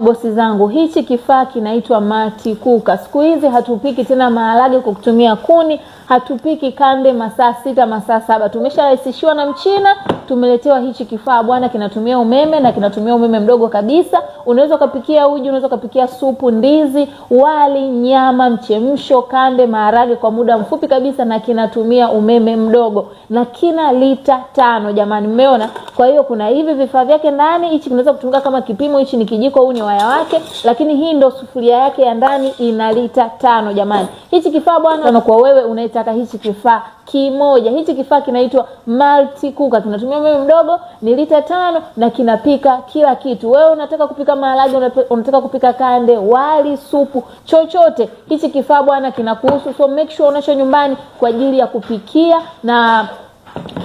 bosi zangu, hichi kifaa kinaitwa mati kuka. Siku hizi hatupiki tena maharage kwa kutumia kuni, hatupiki kande masaa sita masaa saba. Tumesharahisishiwa na Mchina, tumeletewa hichi kifaa bwana, kinatumia umeme na kinatumia umeme mdogo kabisa. Unaweza ukapikia uji, unaweza ukapikia supu, ndizi, wali, nyama, mchemsho, kande, maharage kwa muda mfupi kabisa, na kinatumia umeme mdogo na kina lita tano. Jamani, mmeona kwa hiyo kuna hivi vifaa vyake ndani, hichi kinaweza kutumika kama kipimo, hichi ni kijiko, huu ni waya wake, lakini hii ndo sufuria yake ya ndani ina lita tano. Jamani, hichi kifaa bwana, kwa wewe unaitaka hichi kifaa kimoja. Hichi kifaa kinaitwa multi cooker, kinatumia umeme mdogo, ni lita tano na kinapika kila kitu. Wewe unataka kupika maharage, unataka kupika kande, wali, supu, chochote, hichi kifaa bwana kinakuhusu. So make sure unacho nyumbani kwa ajili ya kupikia na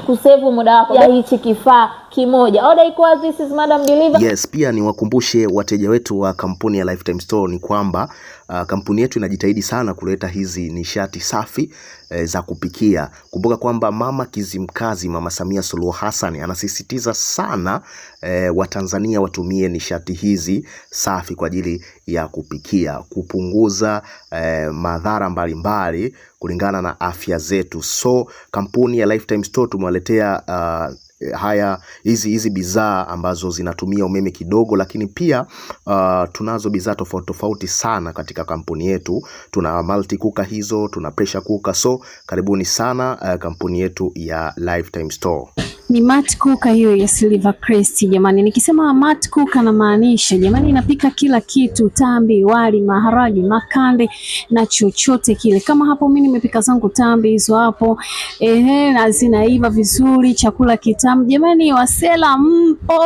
kusevu muda wako ya hichi kifaa kimoja. Order oh, iko wazi, this is Madam Deliver. Yes, pia niwakumbushe wateja wetu wa kampuni ya Lifetime Store ni kwamba uh, kampuni yetu inajitahidi sana kuleta hizi nishati safi eh, za kupikia. Kumbuka kwamba mama Kizimkazi, Mama Samia Suluhu Hassan anasisitiza sana eh, Watanzania watumie nishati hizi safi kwa ajili ya kupikia, kupunguza eh, madhara mbalimbali kulingana na afya zetu. So kampuni ya Lifetime Store tumewaletea uh, haya hizi hizi bidhaa ambazo zinatumia umeme kidogo, lakini pia uh, tunazo bidhaa tofauti tofauti sana katika kampuni yetu. Tuna multi cooker hizo, tuna pressure cooker. So karibuni sana uh, kampuni yetu ya Lifetime Store ni Matt Cook hiyo ya Silver Crest jamani. Nikisema Matt Cook anamaanisha jamani, inapika kila kitu, tambi, wali, maharage, makande na chochote kile. Kama hapo mimi nimepika zangu tambi hizo hapo, ehe, na zinaiva vizuri, chakula kitamu jamani. Wasela mpo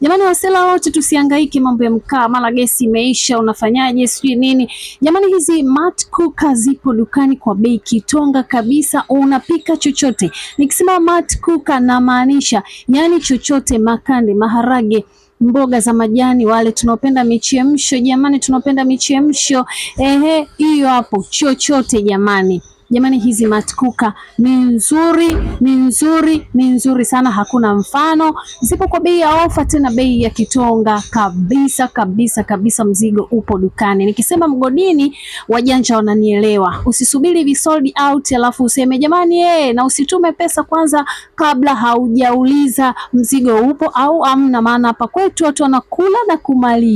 jamani, Wasela wote tusihangaike mambo ya mkaa, mara gesi imeisha, unafanyaje sijui nini jamani. Hizi Matt Cook zipo dukani kwa bei kitonga kabisa, unapika chochote. Nikisema Matt Cook anamaanisha yani chochote, makande, maharage mboga za majani, wale tunaopenda michemsho jamani, tunaopenda michemsho ehe, hiyo hapo, chochote jamani. Jamani, hizi matkuka ni nzuri, ni nzuri, ni nzuri sana, hakuna mfano. Zipo kwa bei ya ofa, tena bei ya kitonga kabisa kabisa kabisa. Mzigo upo dukani. Nikisema mgodini, wajanja wananielewa. Usisubiri vi sold out alafu useme jamani eh, na usitume pesa kwanza kabla haujauliza mzigo upo au amna, maana hapa kwetu watu wanakula na kumaliza.